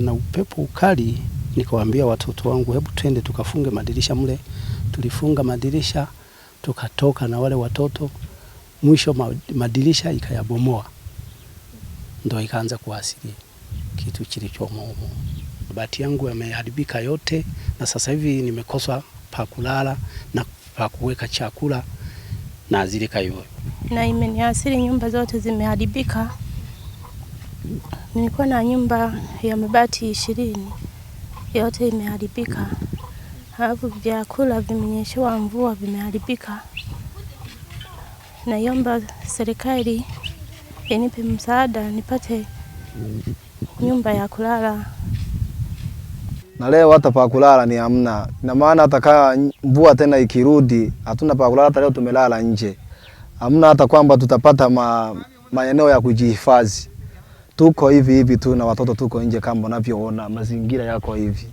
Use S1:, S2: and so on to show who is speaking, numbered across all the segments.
S1: Na upepo ukali, nikawaambia watoto wangu, hebu twende tukafunge madirisha mle. Tulifunga madirisha, tukatoka na wale watoto, mwisho madirisha ikayabomoa, ndo ikaanza kuasili kitu kilichomo humo. Mabati yangu yameharibika yote, na sasa hivi nimekosa pa kulala na pa kuweka chakula, na azilika hivyo,
S2: na imeniasili, nyumba zote zimeharibika. Nilikuwa na nyumba ya mabati ishirini, yote imeharibika. alafu vyakula vimenyeshewa mvua vimeharibika. Naiomba serikali inipe msaada nipate nyumba ya kulala,
S3: na leo hata pa kulala ni hamna. Ina maana hata kaa mvua tena ikirudi, hatuna pa kulala. Hata leo tumelala nje, hamna hata kwamba tutapata ma, maeneo ya kujihifadhi tuko hivi hivi tu na watoto tuko nje, kama unavyoona mazingira yako hivi.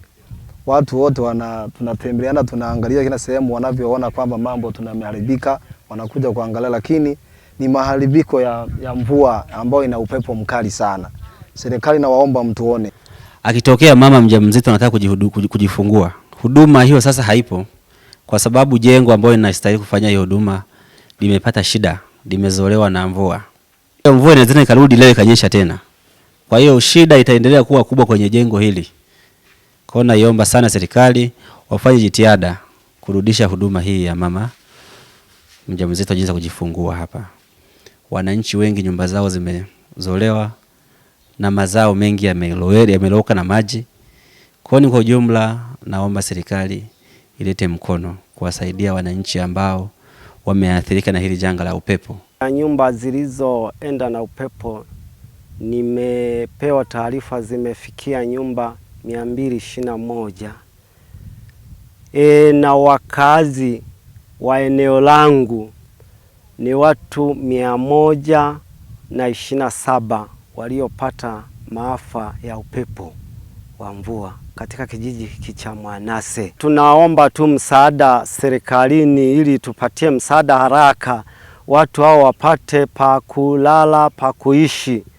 S3: Watu wote wana tunatembeleana, tunaangalia kila sehemu, wanavyoona kwamba mambo tunameharibika, wanakuja kuangalia, lakini ni maharibiko ya, ya mvua ambayo ina upepo mkali sana. Serikali nawaomba mtuone.
S4: Akitokea mama mjamzito anataka kujifungua, huduma hiyo sasa haipo, kwa sababu jengo ambayo inastahili kufanya hiyo huduma limepata shida, limezolewa na mvua. Mvua inaweza ikarudi leo ikanyesha tena. Kwa hiyo shida itaendelea kuwa kubwa kwenye jengo hili. Kwa hiyo naiomba sana serikali wafanye jitihada kurudisha huduma hii ya mama mjamzito jinsi ya kujifungua hapa. Wananchi wengi nyumba zao zimezolewa na mazao mengi yameloweka na maji. Kwa ni kwa ujumla, naomba serikali ilete mkono kuwasaidia wananchi ambao wameathirika na hili janga la upepo.
S5: Nyumba zilizoenda na upepo nimepewa taarifa zimefikia nyumba mia na moja e, na wakazi wa eneo langu ni watu mia moja na ishirini saba waliopata maafa ya upepo wa mvua katika kijiji hiki cha Mwanase. Tunaomba tu msaada serikalini, ili tupatie msaada haraka, watu hao wapate pa kulala, pa kuishi.